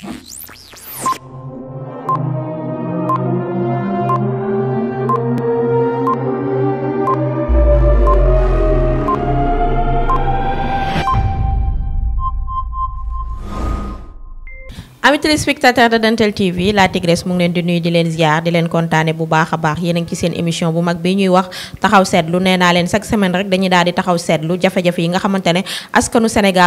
Jeez. ami téléspectateur de Dental TV la Tigresse mu ngi leen di nuyu di leen ziar di leen kontaane bu baax a baax a ngi ci seen émission bu mag bi ñuy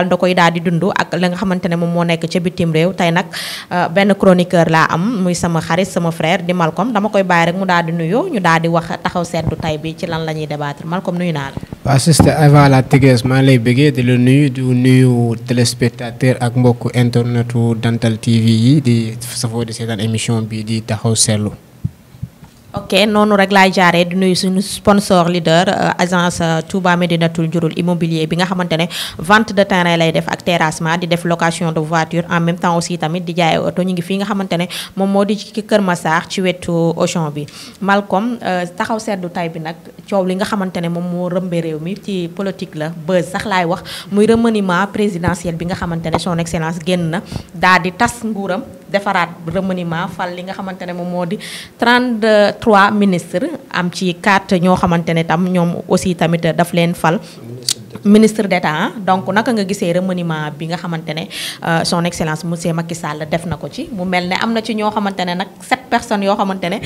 da koy daal di dund ak la nga xamante ne moom moo nekk ca bitim réew tey nag euh, benn chroniqueur laa am muy sama xarit sama frère di Malcom dama koy bàyyi rek mu daal di nuyoo ñu daal di wax taxaw seetlu tay bi ci lan la ñuy débattre Malcom nuyu naa la waaw sister la Tigresse maa ngi lay bëggee di la nuyu di nuyu téléspectateur ak mbokk internetu Dental TV TV yi savoir de di émission bi di ok noonu rek laay jaaree di nuyu suñu sponsor leader euh, agence euh, Touba Médinatoul Diouroul immobilier bi nga xamante ne vente de terrain lay def ak terrassement di def location de voiture en même temps aussi tamit di jaay oto ñu ngi fi nga xamante ne moom moo di ci Kër Massar ci wetu Auchan bi Malcom euh, taxaw seddu tay bi nag coow li nga xamante ne moom moo rëmbe réew mi ci politique la buzz sax laay wax muy remaniement présidentiel bi nga xamante ne son excellence génn na daa di tas nguuram defaraat remaniement fal li nga xamante ne moom moo di 33 ministre am ci 4 ñoo xamante ne tam ñoom aussi tamit daf leen fal. ministre d'État ah. donc naka nga gisee remaniement bi nga xamante ne euh, son excellence monsieur Macky Sall def na ko ci mu mel ni am na ci ñoo xamante ne nag sept personnes yoo xamante ne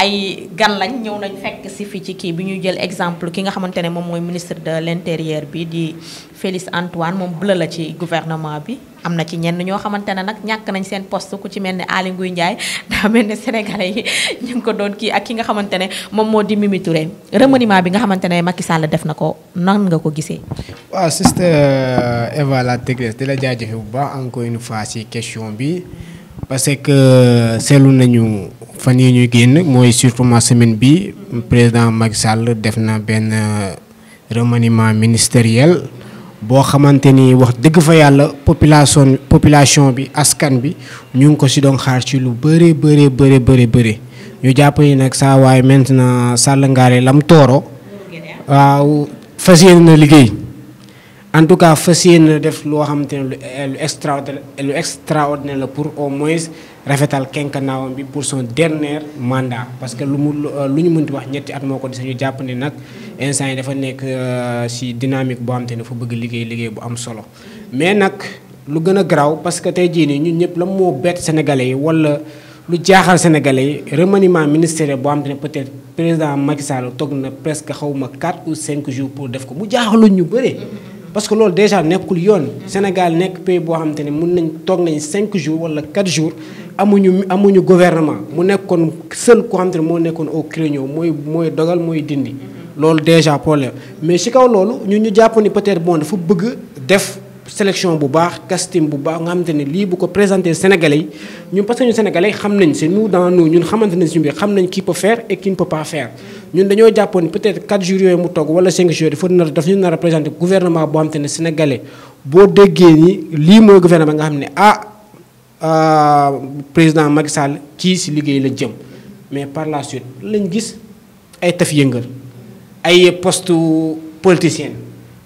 ay gan lañ ñëw nañ fekk si fii ci kii bi ñuy jël exemple ki nga xamante ne moom mooy ministre de l'intérieur bi di Félix Antoine moom bleu la ci gouvernement bi. Amna ci ñenn ñoo xamantene nak ñak nañ seen poste ku ci melni ne Nguy Ngouille da melni sénégalais yi ñu ko doon ki ak ki nga xamantene mom moom di Mimi Touré remaniement bi nga xamantene Macky Sall def nako nan nga ko gisé wa sister euh, Eva la Tigresse dila la bu ba encore une fois ci question bi parce que defna euh, nañu fan yi ñuy genn moy surtout ma semaine bi président Macky Sall def na ben euh, remaniement ministériel boo xamante ni wax dëgg fa yàlla population population bi askan bi ñu ngi ko si doon xaar ci lu bëree bëree bëre bëri bëri ñu jàpp ni nag saa waaye maintenant Sall Ngaare lam tooro waaw fas na liggéey en tout cas fas yéene na def loo xamante ne lu extraordinaire la pour au moins rafetal kenkanaawam bi pour son dernier mandat parce que lu mu lu ñu mënti wax ñetti at moko ko di sañu jàpp ne nag instant yi dafa nek ci euh, dynamique bo xam te ne bëgg liggéey liggéey bu am solo mais nak lu gëna graw parce que tey jii ñun ñëpp lam mo bett sénégalais yi wala lu jaaxal sénégalais yi remaniement ministériel bo xam te peut-être président Macky Sall tok na presque xawma 4 ou 5 jours pour def ko mu jaaxaluñ ñu bëré parce que lool déjà nekkul yoon Sénégal nek pays bo xam te ne mun nañ toog nañ 5 jours wala 4 jours amuñu amuñu gouvernement mu nekkoon seul ko mon te ne au crayon, mooy mooy dogal moi, dindi loolu déjà problème mais ci kaw lolo, nous ñu jàpp peut-être bon dafa bëgg def sélection bu baax casting bu baax nga xamante ne lii bu ko sénégalais nous ñun parce que sénégalais xam nañ c'est nous dans nous ñun xamante nañ suñu biir xam nañ qui peut faire et qui ne peut pas faire ñun dañoo jàppoon peut-être 4 jours yooyu mu togg wala 5 jours faut nous, daf ñu nar gouvernement boo xamante ne sénégalais boo déggee ni gouvernement nga xam ah Euh, président Macky Sall kii si liggéey la jëm mais par la suite lañ gis ay taf yëngal ay poste politicien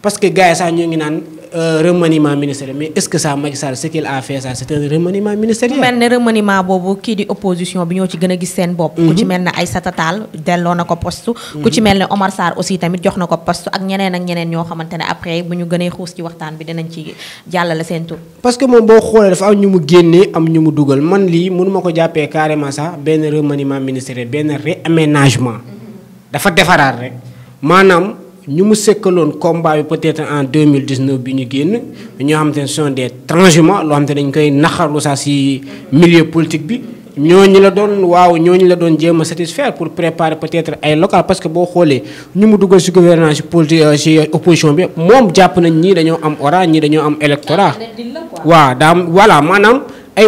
parce que sax ñoo ngi naan Euh, remaniement ministériel mais est-ce que ça Macky Sall ce qu'il a fait ça mel ne remaniement boobu kii di opposition bi ñoo ci gën a gis seen bopp. ku ci mhm. mel ne Aïssata Tall delloo na ko poste. ku ci mhm. mel ne Omar Sarr aussi tamit jox na ko poste ak ñeneen ak ñeneen ñoo xamante ne après bu ñu gënee xuus ci waxtaan bi dinañ ci jàllale seen tur. parce que moom boo xoolee dafa am ñu mu génnee am ñu mu dugal man lii mënu ko jàppee carrément sax benn remaniement ministériel benn réaménagement. Mhm. dafa defaraat rek Nous que combat peut-être en 2019 Nous ñu des transhumants nous xam nous dañ milieu politique Nous ñooñu la waaw satisfaire pour préparer peut-être ay local parce que si nous ñu mu pour gouvernance nous politique euh, opposition bi nous jàpp nañ nous dañoo am aura dañoo ah, voilà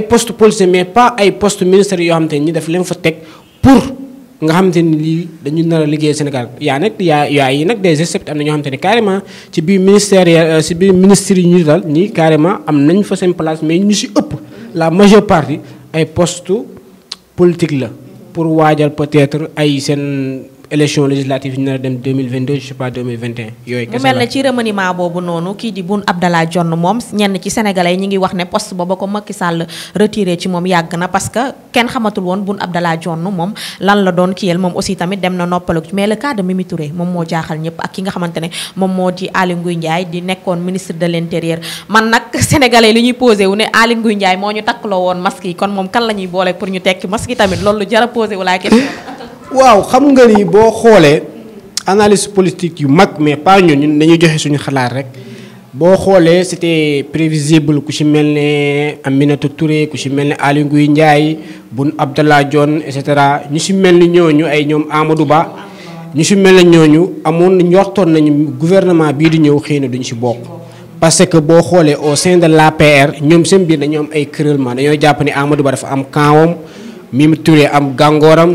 poste mais pas ay poste ministériels, pour nga xamante ni lii dañu nar a liggéey Sénégal yaa nag yaa yaa yi nag des excepté am na ñoo xamante ni carrément ci biir ministère euh, ci biir ministère yi ñu dal ñii carément am nañ fa seen place mais ñu si ëpp la majeure partie ay poste politique la pour waajal peut-être ay seen élection législative ñu dem 2022 je sais pas 2021. yooyu kese la mu mel ne ci remaniement boobu noonu kii di bun Abdallah Dionne moom ñenn ci sénégalais ñi ngi wax ne poste booba ko Macky Sall retiré ci moom yàgg na parce que kenn xamatul woon bun Abdallah John moom lan la doon kiyel moom aussi tamit dem na noppalu mais le cas de Mimi Touré moom moo jaaxal ñëpp ak ki nga xamante ne moom moo di Aly Ngouille Ndiaye di nekkoon ministre de l' intérieur man nak sénégalais li ñuy posé wu ne Aly Ngouille Ndiaye moo ñu takkloo woon masque yi kon moom kan la ñuy boole pour ñu tekki masque yi tamit loolu jara posé wu laa question waaw xam nga ni boo xoolee analyse politique yu mag mais par ñun ñun dañuy joxe suñu xalaat rek boo xoolee c'était prévisible ku ci mel ni ne minatu Touré ku ci mel ne Aly Ngouille Ndiaye Boun Abdallah Dionne et cetera ñu ci mel ni ñooñu ay ñoom Amadou Ba ñu ci mel ne ñooñu amoon njortoon nañu gouvernement bii di ñëw xëy na duñu ci bokk. parce que boo xoolee au sein de l'APR ñoom seen biir dañoo am ay këralement dañoo jàpp ni Amadou Ba dafa am kaawam Mimi Touré am gàngooram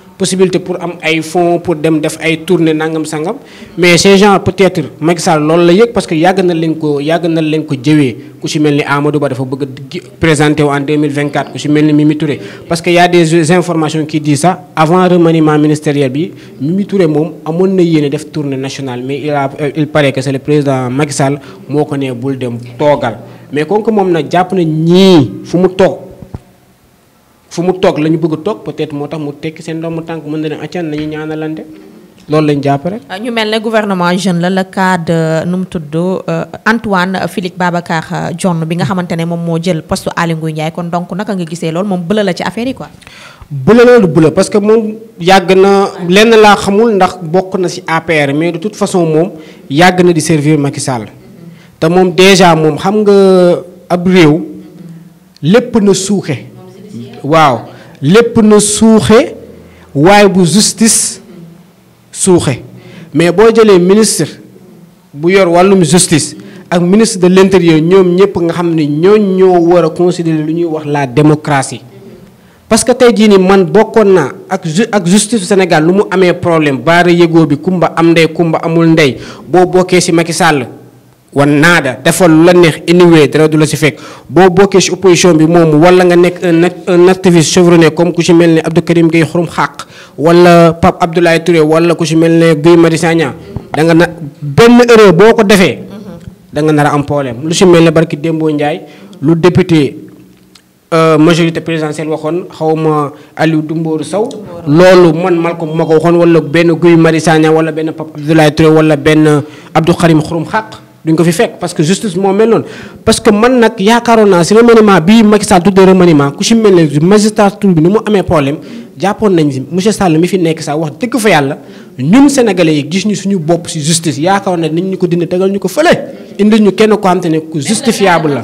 possibilité pour am ay fonds pour dem def ay tournée nangam sangam mais ces gens peut-être Macky Sall loolu la parce que yàgg na leen ko yàgg na leen ko djewé ku ci melni Amadou Ba dafa bëgg présenter en 2024 ku ci melni Mimi Touré parce que y a des informations qui disent ça avant remaniement ministériel bi Mimi Touré mom amoon na yéene def tournée nationale mais il a euh, il paraît que c'est le président Macky Sall moko né nee bul dem togal mais kon mom na japp na ñi fu mu fu mu toog la ñu bëgg a toog peut-être moo tax mu tekki seen doomu tànk mën na leen accan nañu ñaanalante loolu lañ jàpp rek. Ah, ñu mel ne gouvernement jeune la le cas euh, nu mu tudd euh, Antoine Félix Babacar Diome euh, bi nga xamante ne moom moo jël poste Aly Ngouille Ndiaye kon donc naka nga gisee loolu moom bëla la ci affaire yi quoi. bëla la du bëla parce que moom yàgg na lenn laa xamul ndax bokk na ci APR mais de tout façon moom yàgg na di servir Macky Sall. te moom déjà moom xam nga ab réew lépp waaw lépp na suuxe waay bu justice suuxe mais boo jëlee ministre bu yor wàllum justice ak ministre de l'intérieur ñoom ñëpp nga xam ne ñooñ ñoo war a considérer lu ñuy wax la démocratie parce que tey jii ni man bokkoon naa ak ju ak justice Sénégal lu mu amee problème baara yëgoo bi kumba am ndey kumba amul ndey boo bokkee ci Macky sàll wan naada defal lu la neex anyway dara du la si fekk boo bokkee si opposition bi moom wala nga nekk un un activiste chevronné comme ku si mel ne Abdou Karim Gueye xurum xaq wala Pape Abdoulaye Touré wala ku si mel ne Guy Marius da nga na benn erreur boo ko defee da nga nar a lu si mel ne barki Dembo Ndiaye lu député euh, majorité présidentielle waxoon xawma Aliou Dumbooru saw loolu man Malcom ma ko waxoon wala benn Guy Marius Sagna wala benn Pape Abdoulaye Touré wala benn Abdou Karim xurum xàq duñ ko fi fekk parce que justice moo mel noonu parce que man nag yaakaaroon naa si remaniement bii Macky Sall tuddee remaniement ku si mel ne magistrature bi ni mu amee problème jàppoon nañ monsieur Sall mi fi nekk sax wax dëgg fa yàlla ñun sénégalais yi gis ñu suñu bopp si justice yaakaar na nañ ñu ko dindi tegal ñu ko fële indi ñu kenn ko am te ne ku justifiable la.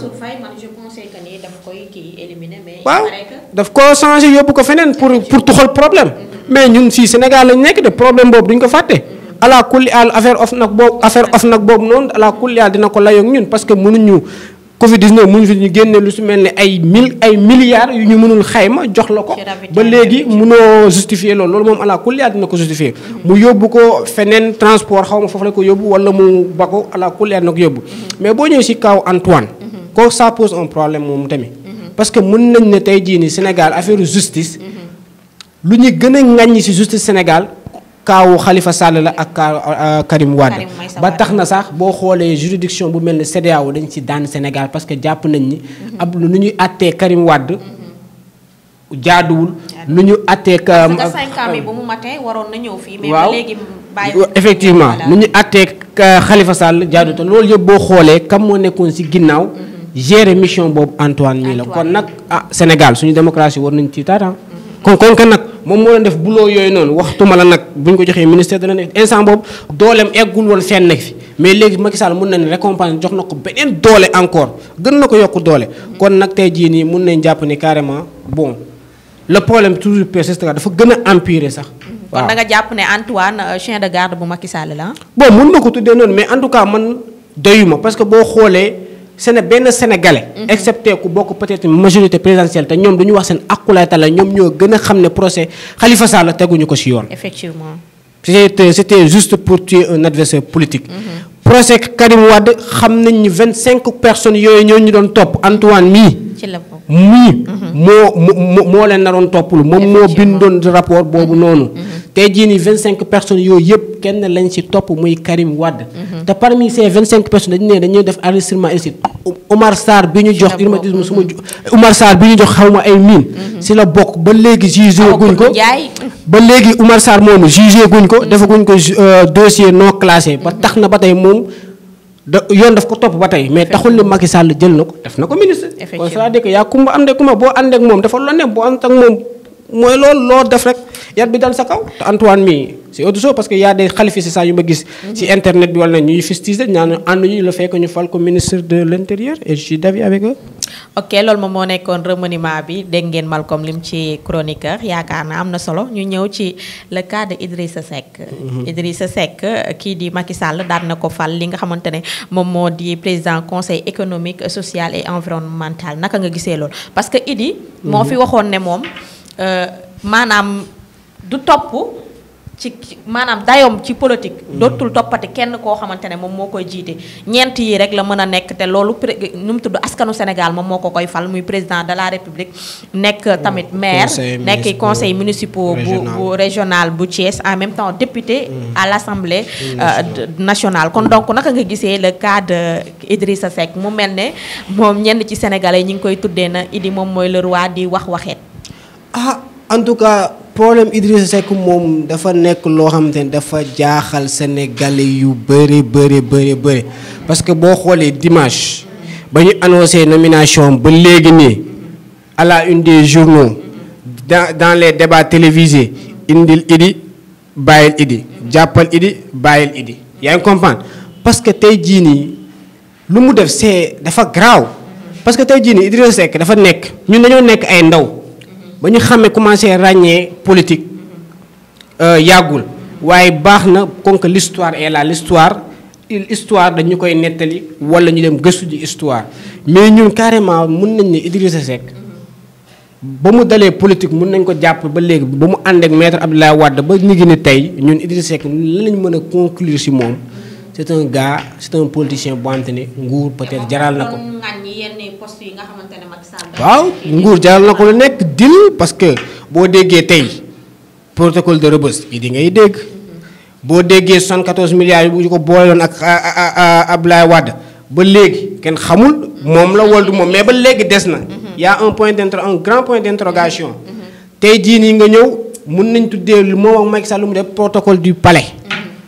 waaw daf ko changé yóbbu ko feneen pour pour tuxal problème mais ñun fii Sénégal lañ nekk de problème boobu duñ ko fàtte ala kulli al affaire of nag boobu affaire of nag boobu noonu ala kulli al dina ko layoog ñun parce que mënuñu Covid 19 mënuñu fi ñu génne lu su melni ay mil ay milliards yu ñu mënul xayma jox la ko. ba légui mëno justifier lool lool mom ala kulli al dina ko justifier. mu yobbu ko fenen transport xawma ma la ko yobbu wala mu ba ala kulli al dina ko mais bo ñew ci kaw Antoine. ko ça pose un problème moom tamit. parce que mën nañ né tey jii Sénégal affaire justice. lu ñu gën a ci justice Sénégal kaawu Khalifa Sall ak euh, Karim Wade ba taxna sax bo xolé juridiction bu melni ne dañ ci dan Sénégal parce que japp nañ ni mhm. ab lu nu ñuy atté Karim Wade jaadul nu ñu atté ka 5 euh, ans mu waron na fi mais waaw effectivement nu ñu atté Khalifa Sall jaadu te loolu bo xolé kam mo nekkoon ci ginnaw mhm. gérer mission bob Antoine mii kon nak ah, Sénégal suñu démocratie war nañ ci tata kon kon kan nag moom moo doon def buloo yoy non waxtuma la nag bu ñu ko joxee ministère dana ne instant boobu dooleem eggul woon fenn fi mais léegi Macky Sall mën na ne récompense jox na ko beneen encore gën nako yok dolé kon nak tey jii nii mun nañ jàpp ni carrément bon le problème toujours persiste dafa gën a empirer sax. waaw kon da nga japp ne Antoine euh, chien de garde bu Macky Sall la bon mën nako ko non mais en tout cas man doyuma parce que bo xolé c'est un sénégalais. Mhm. excepté ku beaucoup peut-être majorité présidentielle te nous, dañu wax seen akulaay tala ñoom ñoo nous a procès Khalifa Sall teguñu ko ci yoon. effectivement. c'était c'était juste pour tuer un adversaire politique. Mhm. procès Karim Wade xam nañ ni 25 personnes yooyu ñoo ñu doon top Antoine mi. Mi. moi mii. Mhm. moo moo moo leen naroon toppul moom rapport boobu noonu tey jii 25 personnes yooyu yëpp kenn lañ ci top muy Karim Wade. Mhm. te parmi ces 25 personnes né ne ñeu def enregistrement illicite Omar Sar biñu jox. rhumatisme su ma Umar Sarr jox xawma ay miin. Mhm. ci la bok ba léegi jugé guñ ko ba légui Omar Sarr mom jugé guñ ko. Mhm. guñ ko euh, dossier non classé. ba taxna na ba tey moom. da yoon daf ko top ba mais taxul ni Macky Sall jël nako def nako ministre. effectivement kon cest à que kumba ànd ak kumba bo ànd ak mom dafa lo ne boo ak mom mooy loolu loo def rek yat bi dal sa kaw te Antoine mii c'est autre chose parce que y a des xalifis saa yu ma gis. ci internet bi wala ñuy fustigé ñaan ànd ñu la fekk ñu fal ko ministre de l'intérieur et je suis d'avis avec eux. ok loolu moom moo nekkoon remaniement bi dégg ngeen Malcolm lim ci chroniqueur yaakaar naa am na solo ñu ñëw ci le cas de Idrissa Seck. Mhm. Idrissa Seck kii di Macky Sall daan na ko fal li nga xamante ne moom moo di président conseil économique social et environnemental naka nga gisee loolu parce que Idi. moo mhm. fi waxoon ne moom. Euh, manam du top ci manam dayom ci politique. Mm-hmm. dotul toppati kenn ko xamante mom moom moo koy jiite. ñeent yi rek la mëna nek té lolu loolu nu tudd askanu Sénégal mom moko koy fal muy président de la république. n'ek mm-hmm. tamit maire n'ek conseil municipal bu bu régional bu Thiès en même temps député. Mm-hmm. à l'Assemblée euh, nationale. kon donc naka nga gisé le cas de Idrissa Seck mu mel mom ñen ci sénégalais ñing koy tuddé na Idi mom moy le roi di wax waxeet ah en tout cas problème Idrissa Seck mom dafa nek lo xamante dafa jaaxal sénégalais yu bëri bëri bëri bëri parce que bo xolé dimanche bañu annoncer nomination ba légui ni à la une des journaux dans dans les débats télévisés indil Idi bayel Idi jàppal Idi bayel Idi yaa ngi comprendre parce que tey jii nii lu mu def c'est dafa graaw parce que tey jii nii Idrissa Seck dafa nek ñun dañu nek ay ndaw. ba ñu xamee commencé ràññee politique euh, yàggul waaye baax na comme que l'histoire est là l'histoire histoire dañu koy nettali wala ñu dem gëstu di histoire mais ñun carrément mun nañ ne Idrissa Seck ba mu dalee politique mun nañ ko jàpp ba léegi ba mu àndeek ak maître Abdoulaye Wade ba ñu ngi ne tey ñun Idrissa Seck lan lañ mën a conclure si moom c'est un gars c'est un politicien bu xamante ne peut être jaral nako waaw ngour jaral nako ko lu nekk dil parce que bo déggé tay protocole de rebus yi di ngay dégg bo déggé 74 milliards yu ko boole won ak Ablaye Wade ba légui ken xamul mom la wala du mais ba légui des na y a un point d'entre un grand point d'interrogation mm-hmm. tay jii ni nga ñew mën nañ tuddé mo wax Macky Sall mu def protocole du palais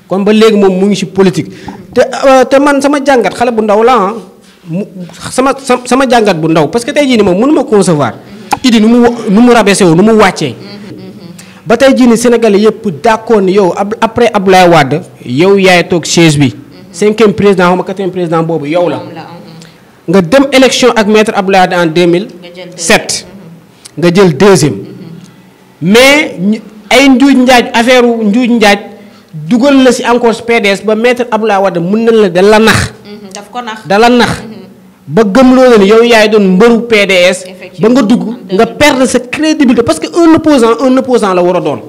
kon ba léegi moom mu ngi si politique te euh, te man sama jàngat xale bu ndaw la ah, mu sama sama jàngat bu ndaw parce que tey jii ni moom mënu ma concevoir Idy nu mu nu mu rabaissé wu nu mu wàcce ba tey jii ni sénégal yëpp d'accord ni yow après Abdoulaye Wade yow yaay toog chaise bi cinquième président xaw président boobu yow la ah, ah. nga dem élection ak maître Abdoulaye Wade en 2007 nga jël deuxième mm-hmm. mais ay njuuj njaaj affaire njuuj njaaj dugal la si encore PDS ba maître Abdoulaye Wade mën na la da la nax. Mhm, daf ko nax da la nax. Mhm. ba gëm loo leen yow yaay doon mbëru PDS. ba nga dugg nga perdre sa crédibilité parce que un opposant un opposant la war a doon. Mhm.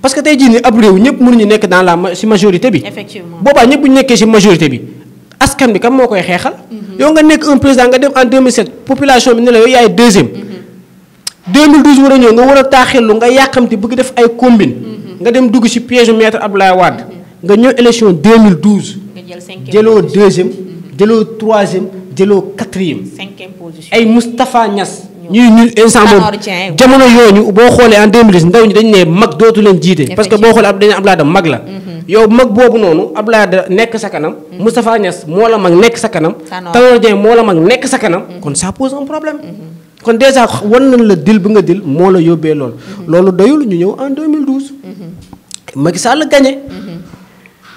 parce que tey jii nii ab réew ñëpp mënuñu nekk dans la si majorité bi. effectivement boobaa ñëpp bu ñu nekkee si majorité bi askan bi kam moo koy xeexal. yow nga nekk un président nga dem en 2007 population bi ne la yow yaay deuxième. 2012 war a ñëw nga war a taaxirlu nga yàqamti bëgg def ay combine nga dem dugg ci piège maître Abdoulaye Wade nga ñëw élection 2012. 2e 3 deuxième jëloo 4 jëloo 5 cinquième position ay Mustapha Niass. ñuy ñu ensemble jamono yoñu bo xolé en 2010 ndaw ñi dañ né mag dootu leen jité parce que bo xoolee ab dañu la da mag la. Mhm. yow mag bobu noonu Abdoulaye da nekk sa kanam. mustapha mhm. Niass mo la mag nek sa kanam. Tanor Dieng mo la mag nek sa kanam. Mhm. kon ça pose un problème. kon déjà wan nañ la dil bi nga dil moo la yóbbee loolu. Mhm. loolu doyul ñu ñëw en 2012. Mhm. Macky Sall gagné. Mhm.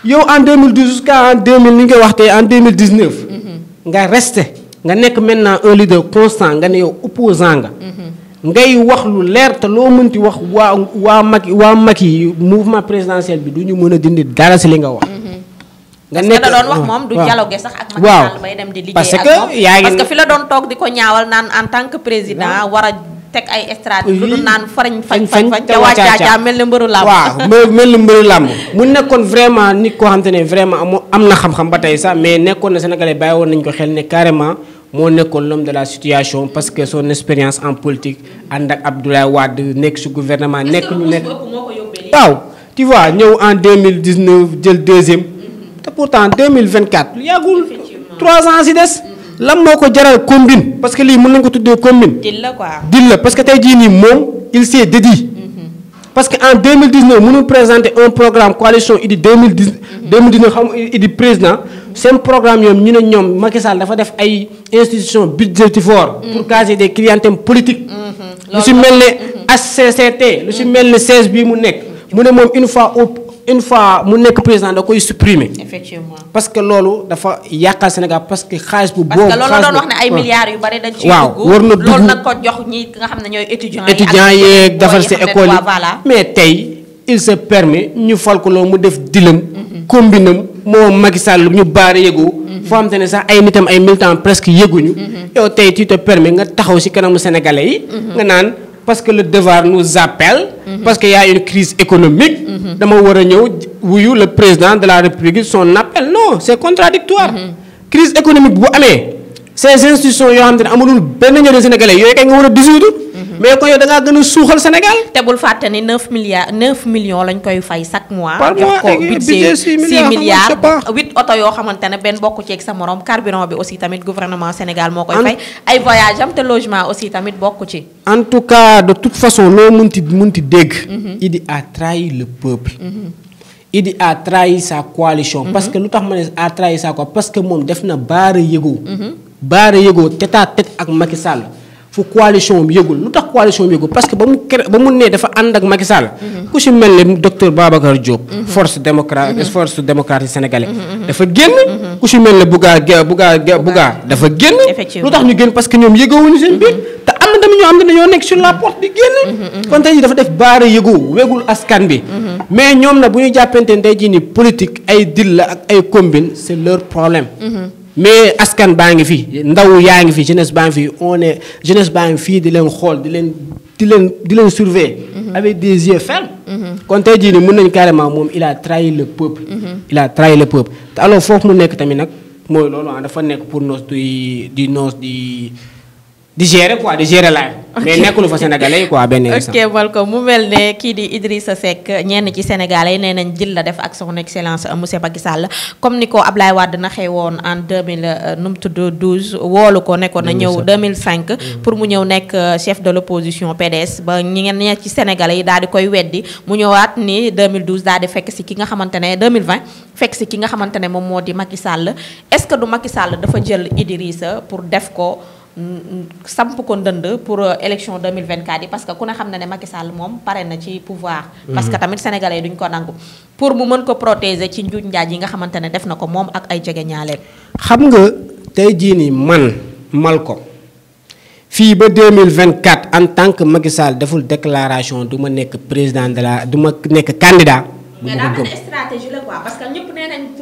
yow en 2012 jusqu'à en 2000 ni nga wax tey en 2019. nga resté nga nekk maintenant un leader constant nga ne yow opposant nga. ngay wax lu leer te loo mënti wax waa waa Macky waa mag yi mouvement présidentiel bi du ñu mën a dindi dara si li nga wax. nga nekk la doon wax moom du dialogue sax ak Macky Sall dem di liggéey ak moom parce que fi la doon toog di ko ñaawal naan en tant que président war a teg ay stratégie lu dul naan farañ fañ fañ fañ te waa Caaca mel na mbëru làmb waaw mel mu nekkoon vraiment nit koo xam te ne vraiment amoo am na xam-xam ba tey sax mais nekkoon na sénégalais bàyyi woon nañu ko xel ne carrément moo nekkoon l'homme de la situation parce que son expérience en politique ànd ak Abdoulaye nekk si gouvernement nekk ñu nekk waaw tu vois ñëw en 2019 jël Tout pourtant 2024 lu yàggul trois ans si des lan moo jaral combine parce que lii mën nañu ko tuddee combine dil la quoi dil la parce que tey jii nii il s'est dédié mhm. parce que en 2019 nous présenter un programme coalition Idy 2019 mhm. xam Idy président un programme ñoom ñu ne Macky Sall dafa def ay institution budgétivore mhm. pour caser des clientèles politiques lu sommes mel ne HCCT lu si mel 16 bii mu nekk une fois au une fois mu nek président da koy supprimer. effectivement parce que loolu dafa yàqal Sénégal parce que xaliss bu. boobu parce que lolu doon wax ne ay milliards yu bari dañ ciy dugg war na dugg ko jox ñi nga xamné ñoy ñooy étudiants yi. étudiants yeeg defal si école mais tay il se permet ñu fal ko loolu mu def dilem mhm. combinam mo Macky Sall ñu bari yëgu. Mhm. foo am tane ne sax ay nitam ay militants presque yëguñu. Mhm. yow tay tu te permet nga taxaw ci kanamu sénégalais yi. nga nan parce que le devoir nous appelle. parce qu'il y a une crise économique. dama le président de la république son appel non c'est contradictoire crise économique ces institutions ont sénégalais mais kon yow da ngaa gën a Sénégal. te bul fàtte ni 9 milliards 9 millions lañ koy fay chaque mois. par mois jox ko budget 6 milliards 8 oto yoo xamante ne benn bokku ci ak sa morom carburant bi aussi tamit gouvernement Sénégal moo koy fay. ay voyages, am te logement aussi tamit bokku ci. en tout cas de toute façon loo mënti mënti dégg. Mhm. Idi a trahi le peuple. Mhm. Il a trahi sa coalition. parce mhm. que nous tax a trahi sa coalition parce que moom def na baara yëgoo. baara Yego, tête à tête ak Macky Sall. Faut coalition bi yëgul lu coalition bi parce que bon, bon, nous ba mu nee dafa ànd ak Macky Sall. Mm-hmm. ku si mel docteur Babacar Diop. Mm-hmm. force démocrate, mm-hmm. force démocratique sénégalais. dafa génn. ku si mel ne Bouga Bouga Bouga dafa génn. lu tax ñu génn parce que nous yëgawuñu seen biir. te am na de ñoo xam de dañoo sur la porte di génn. kon tey jii dafa def baara yëgu wegul askan bi. mais ñoom na bu ñu jàppante ne tey jii politique ay dil la ak ay combine c'est leur problème mais askan bang fi ndaw yaangi fi jeunesse bang on est jeunesse bang fi di l'en, xol di surveiller. Mhm. avec des yeux fermes. Quand tu dis carrément il a trahi le peuple. Mhm. il a trahi le peuple alors nous mu que tamit ah, pour nos di di nos di di gérer quoi di gérer mais nekkul fa sénégalais yi quoi benn ok Malcom mu mel ne kii di Idrissa Seck ñenn ci sénégalais yi nee nañ jël la def ak son excellence euh, monsieur Macky Sall comme ni ko Ablaye Wade naxee woon en 2000 euh, nu mu tudd 12 woolu ko nekkoon na ñëw 2005 pour mu ñëw nekk euh, chef de l' opposition PDS ba ñi ngeen ci sénégalais yi daal di koy weddi mu ñëwaat ni 2012 daal di fekk si ki nga xamante ne 2020 fekk si ki nga xamante ne moom moo di Macky Sall est ce que du Macky Sall dafa jël Idrissa pour def ko. samp ko ndënd pour euh, élection 2024 parce que ku xamna ne Macky Sall mom paré na ci pouvoir. Mhm. parce que tamit sénégalais duñ ko nangu. pour mu mën ko protéger ci njuuj njaaj nga xamante def nako mom ak ay djégué ñaaleem. xam nga tey jii man mal ko ba 2024 en tant que Macky Sall deful déclaration du nek président de la du nek candidat.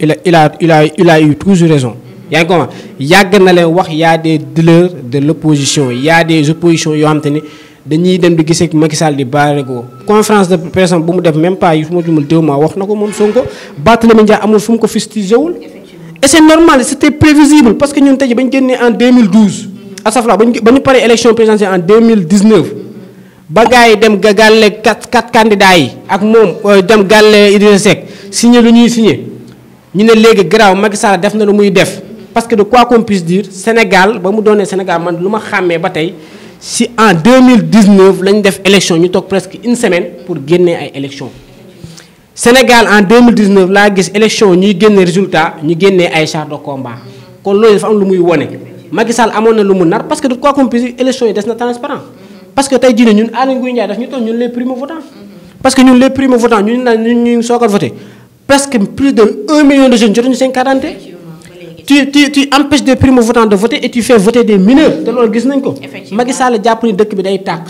il a il a il a il a eu toujours raison. yaa ngi ko wax y a des douleurs de l'opposition, il y a des oppositions yoo xam te ne dañuy dem di gis Macky Sall di baare conférence de presse bu mu def même pas yu fu ma jumul deux mois wax na ko moom Sonko Barthélémy Dias amul fu ko fustigé et c'est normal c'était prévisible parce que ñun tey ba génné en 2012. asafra ba ñu ba ñu élection présidentielle en 2019 ba gaay dem gagalé quatre quatre candidats yi ak moom euh, dem galé Idrissa Seck signé lu ñuy signé ñu ne léegi garaaw Macky Sall def na lu muy def parce que de quoi qu'on puisse dire Sénégal ba mu donné Sénégal man luma xamé xàmmee ba si en 2019 lañ def élection ñu tok presque une semaine pour génnee ay élection Sénégal en 2019 la gis élection ñuy génne résultat ñu génnee ay char de combat kon loolu dafa am lu muy woné Macky Sall amone lu mu nar parce que de quoi qu'on puisse dire élection yi des na transparent parce que tay jii ne ñun Aly Ngouille Ndiaye daf ñu ton ñun les primes votants parce que ñun les primes votants ñun ñu soog voter presque plus de 1 million de jeunes jotuñu seen carte tu tu tu empêches des primo votants de voter et tu fais voter des mineurs te loolu gis nañ ko. effectivement Macky Sall jàpp ni dëkk bi day tàkk.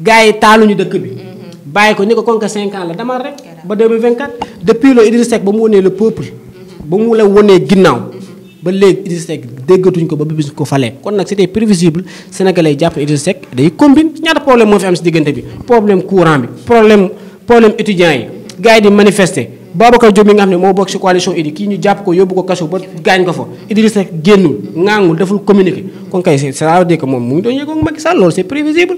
gars yi taaluñu dëkk bi. Mm-hmm. bàyyi ko ni ko kon que 5 ans la demal rek. ba 2024 depuis le Idriss Seck ba mu wonee le peuple. ba mu la wonee ginnaaw. Mm-hmm. ba léegi Idriss Seck déggatuñ ko ba bis ko falee kon nag c'était prévisible sénégalais yi jàpp Idriss Seck day combine ñaata problème moo fi am si diggante bi problème courant bi problème problème étudiant yi. gars yi di manifester Babacar Diop mi nga xam ne moo bokk ci coalition Idy kii ñu jàpp ko yóbbu ko kaso ba gaañ ko fa Idrissa génnul ŋaangul deful communiqué kon kay cest à moom mu ngi doon yëg ak Macky c'est prévisible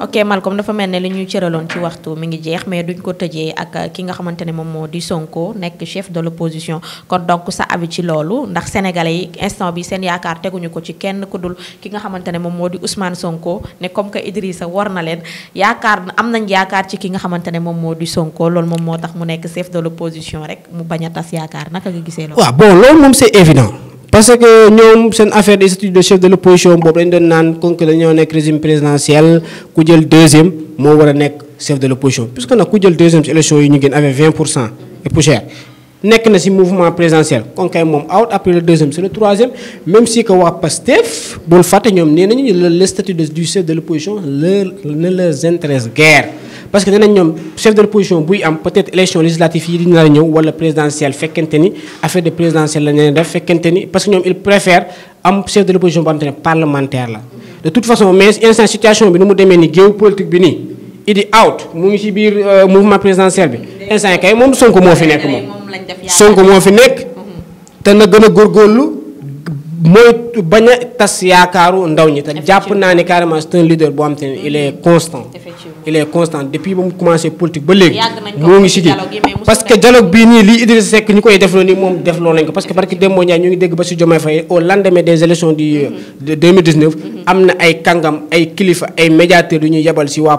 ok Malcom dafa mel ne li ñu cëraloon ci waxtu mi ngi jeex mais duñ ko tëjee ak ki nga xamante ne moom moo di Sonko nekk chef de l'opposition kon donc sa abi ci loolu ndax sénégalais yi instant bi seen yaakaar ko ci kenn ku dul ki nga xamante ne moom moo di Ousmane Sonko ne comme que Idrissa war na leen yaakaar am nañ yaakaar ci ki nga xamante ne moom moo di Sonko loolu moom moo tax mu nekk chef de l'opposition rek mu bañ a tas yaakaar naka nga gisee loolu. waaw bon loolu moom c'est évident. parce que ñoom une affaire des de chef de l'opposition boobu dañu doon naan kon que dañoo nekk régime présidentiel ku jël deuxième moo war a chef de l'opposition puisque nag ku jël deuxième ci élection yi ñu gën avec 20 pour cent et nek na ci mouvement présidentiel kon kay mom out après le deuxième c'est le troisième même si que wa PASTEF bul faté ñom nee le statut du chef de l'opposition leur ne les intéresse guère parce que les ñom chef de l'opposition bu am peut-être élection législative yi dina la wala présidentielle fekkente ni affaire de présidentielle la def parce que ñom ils préfèrent am chef de l'opposition parlementaire la de toute façon mais instant situation bi nu mu demee ni géopolitique bi Idi out mu ngi ci biir euh, mouvement présidentiel bi. instant kay moom Sonko moo fi nekk moom. Sonko moo fi nekk. Mhm. te na gën a góorgóorlu. mooy bañ a tas yaakaaru ndaw ñi te jàpp naa ne carrément c'est un leader boo xam te il est mm-hmm. constant il est constant depuis ba mu commencé politique ba léegi moo ngi si ji parce que dialogue bii nii lii Idrissa Seck ñu koy def loolu nii moom def loolu lañ ko parce que barki Demba Ndiaye ñu ngi dégg ba si Diomaye Faye au lendemain des élections du mm-hmm. de 2019 mm-hmm. am na ay kàngam ay kilifa ay médiateurs yu ñuy yebal si waa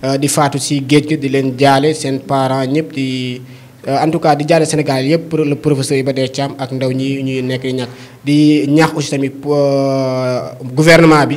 Euh, di faatu si géej gi di leen jaale seen parent ñëpp di euh, en tout cas di jaale Sénégal yëpp pour le professeur ba dee Thiam ak ndaw ñi ñuy nekk di ñàkk di ñax aussi tamit euh, gouvernement bi.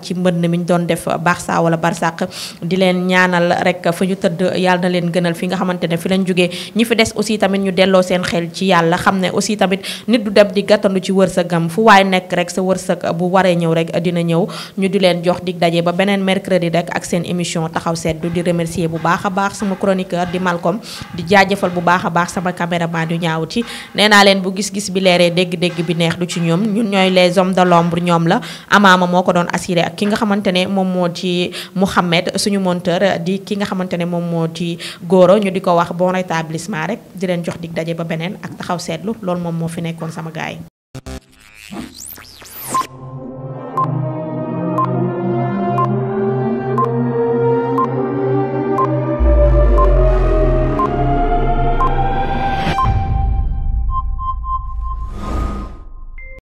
ci mbeun miñ doon def barça wala barsaq di len ñaanal rek fa ñu tëdd yàlla na len gënal fi nga xamantene fi lañ juggé ñi fi dess aussi tamit ñu dello seen xel ci yalla xam aussi tamit nit du dem di ci wërsegam fu way nek rek sa wërsëg bu waré ñew rek dina ñew ñu di len jox dig dajé ba benen mercredi rek ak seen émission taxaw du di remercier bu baaxa baax sama chroniqueur di Malcolm di jaajeufal bu baaxa baax sama caméraman du ñaaw ci bu gis-gis bi léré dégg-dégg bi neex du ci ñom ñun ñoy les hommes de l'ombre ñom la amama moko doon assurer ki nga xamante ne moom moo ci Mouhamed suñu monteur di ki nga xamante ne moom moo ci góoro ñu di ko wax bon rétablissement rek di leen jox di daje ba beneen ak taxaw seetlu loolu moom moo fi nekkoon sama gars yi